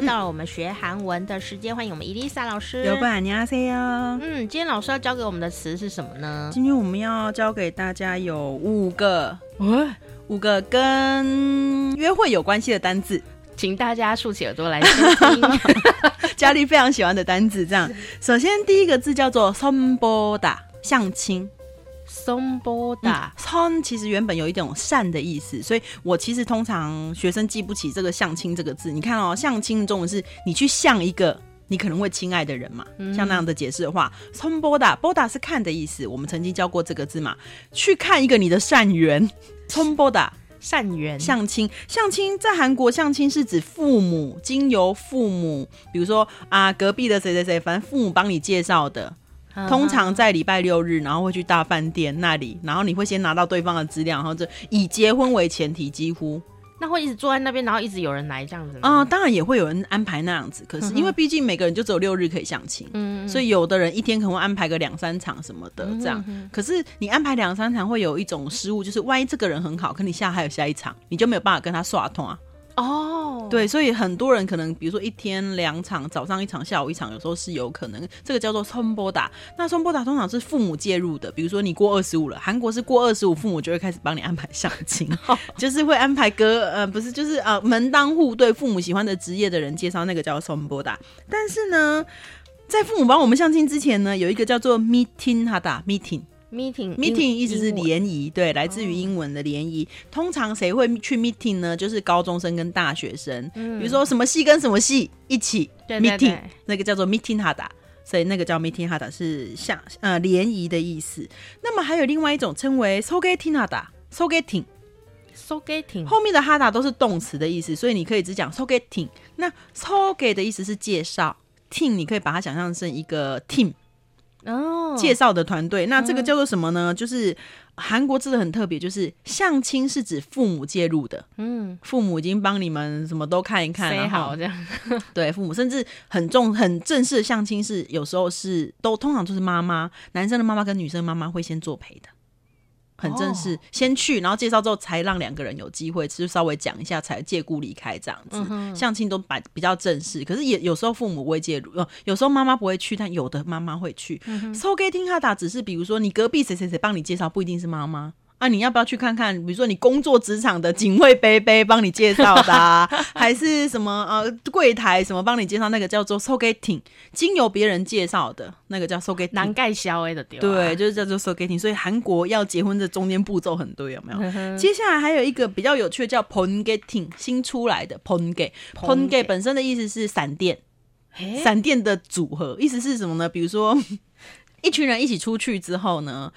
嗯、到了我們學韓文的時間，歡迎我們伊麗莎老師。有伴呀，塞呀。嗯，今天老師要教給我們的詞是什麼呢？今天我們要教給大家有五個，五個跟約會有關係的單字，請大家豎起耳朵來聽。佳麗 非常喜歡的單字，這樣。 首先，第一個字叫做선보다，相親。松波達、嗯、松其實原本有一種善的意思，所以我其實通常學生記不起這個相親這個字。你看哦，相親中文是你去相一個你可能會親愛的人嘛，嗯、像那樣的解釋的話，松波達，波達是看的意思。我們曾經教過這個字嘛，去看一個你的善緣。松波達善緣相親，相親在韓國相親是指父母經由父母，比如說啊隔壁的誰誰誰，反正父母幫你介紹的。通常在禮拜六日，然後會去大飯店那裡，然後你會先拿到對方的資料，然後就以結婚為前提，幾乎那會一直坐在那邊，然後一直有人來這樣子啊、呃，當然也會有人安排那樣子，可是因為畢竟每個人就只有六日可以相親，嗯哼，所以有的人一天可能會安排個兩三場什麼的這樣，嗯、哼可是你安排兩三場會有一種失誤，就是萬一這個人很好，可你下還有下一場，你就沒有辦法跟他耍通啊。哦，oh, 對，所以很多人可能，比如說一天兩場，早上一場，下午一場，有時候是有可能。這個叫做松波打。Oda, 那松波打通常是父母介入的，比如說你過二十五了，韓國是過二十五，父母就會開始幫你安排相親， 就是會安排哥，呃，不是，就是呃，門當戶對，父母喜歡的職業的人介紹，那個叫松波打。Oda, 但是呢，在父母幫我們相親之前呢，有一個叫做 da, meeting，他打 meeting。meeting meeting 文意思是聯誼，文對，來自於英文的聯誼。哦、通常誰會去 meeting 呢？就是高中生跟大學生。嗯、比如說什麼系跟什麼系一起對對對 meeting，那個叫做 meeting 哈達，所以那個叫 meeting 哈達是像呃聯誼的意思。那麼還有另外一種稱為 sogeting 哈達，sogeting，sogeting so get 後面的哈達都是動詞的意思，所以你可以只講 sogeting。那 s o g a t 的意思是介紹 t e a m，你可以把它想象成一個 team。哦，介紹的團隊，那這個叫做什麼呢？嗯、就是韓國真的很特別，就是相親是指父母介入的，嗯，父母已經幫你們什麼都看一看，然後，好，這樣子。 對，父母甚至很重、很正式的相親是有時候是都通常都是媽媽，男生的媽媽跟女生的媽媽會先作陪的。很正式，先去，然後介紹之後才讓兩個人有機會，其實稍微講一下，才借故離開這樣子。嗯、哼相親都擺比較正式，可是也有時候父母會介入，有時候媽媽不會去，但有的媽媽會去。So getting h 打只是，比如說你隔壁誰，誰誰誰幫你介紹，不一定是媽媽。啊，你要不要去看看？比如說，你工作職場的警衛伯伯幫你介紹的、啊， 還是什麼呃櫃檯什麼幫你介紹那個叫做 SOKETING，經由別人介紹的那個叫 SOKETING 難蓋銷的對，對，就是叫做 SOKETING。所以韓國要結婚的中間步驟很多，有沒有？ 接下來還有一個比較有趣的叫 PONGETTING。新出來的 PONGET，PONGET 本身的意思是閃電，閃電、欸、閃電的組合，意思是什麼呢？比如說一群人一起出去之後呢？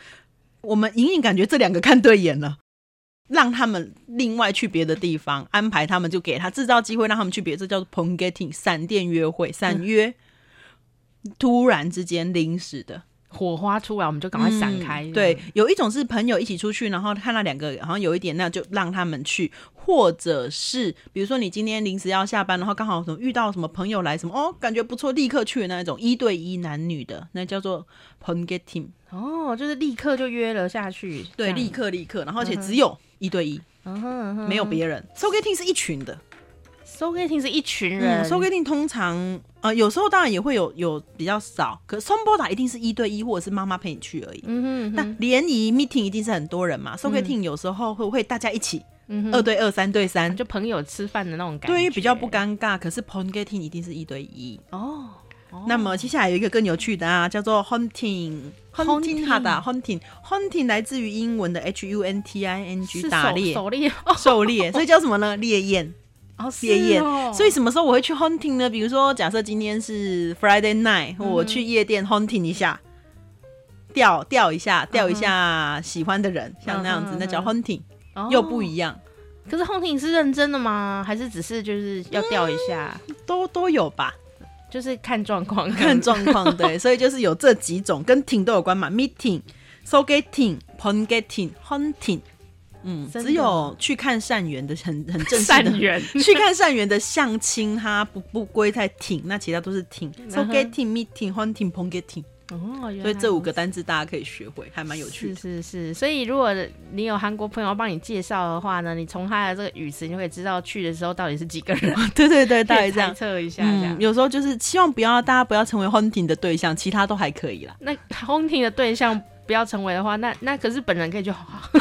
我們隱隱感覺這兩個看對眼了，讓他們另外去別的地方安排，他們就給他製造機會，讓他們去別，這叫做 pongetting 閃電約會、閃約，嗯、突然之間臨時的。火花出來，我們就趕快閃開、嗯。對，有一種是朋友一起出去，然後看到兩個，好像有一點，那就讓他們去。或者是比如說你今天臨時要下班，然後剛好什麼遇到什麼朋友來，什麼哦，感覺不錯，立刻去的那一種一對一男女的，那叫做번개팅。哦，就是立刻就約了下去。對，這樣，立刻立刻，然後而且只有一對一，嗯哼，嗯哼，嗯哼。沒有別人。소개팅是一群的。收獵廳是一群人，收獵廳通常呃有時候當然也會有有比較少，可是松撥達一定是一對一或者是媽媽陪你去而已。嗯哼，那聯誼 meeting 一定是很多人嘛，收獵廳有時候會會大家一起，二對二、三對三，就朋友吃飯的那種感覺，對於比較不尷尬。可是朋友 g 一定是一對一哦。那麼接下來有一個更有趣的啊，叫做 hunting hunting 哈達 hunting hunting 來自於英文的 h u n t i n g，打獵狩獵狩獵，所以叫什麼呢？烈焰。哦，夜。所以什麼時候我會去 hunting 呢？比如說，假設今天是 Friday night，我去夜店 hunting 一下，釣釣一下，釣一下喜歡的人，像那樣子，那叫 hunting，又不一樣。可是 hunting 是認真的嗎？還是只是就是要釣一下？都都有吧，就是看狀況，看狀況。對，所以就是有這幾種跟挺都有關嘛，meeting、sogeting、bungeeting、hunting。嗯，的只有去看善緣的很很正式的 善緣緣， 去看善緣的相親，他不不歸太挺，那其他都是挺，so getting meeting hunting pong getting。哦何，所以這五個單字大家可以學會，還蠻有趣的。是是是，所以如果你有韓國朋友要幫你介紹的話呢，你從他的這個語詞，你就可以知道去的時候到底是幾個人。 對對對，大概這樣測一下這樣、嗯。有時候就是希望不要大家不要成為 hunting 的對象，其他都還可以啦。那 hunting 的對象不要成為的話，那那可是本人可以就好。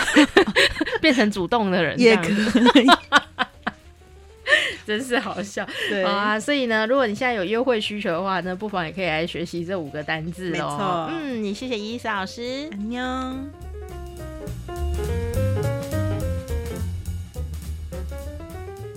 變成主動的人也、yeah, 可以， 真是好笑。對，好啊。所以呢，如果你現在有約會需求的話，那不妨也可以來學習這五個單字哦。嗯，你謝謝伊莎老師。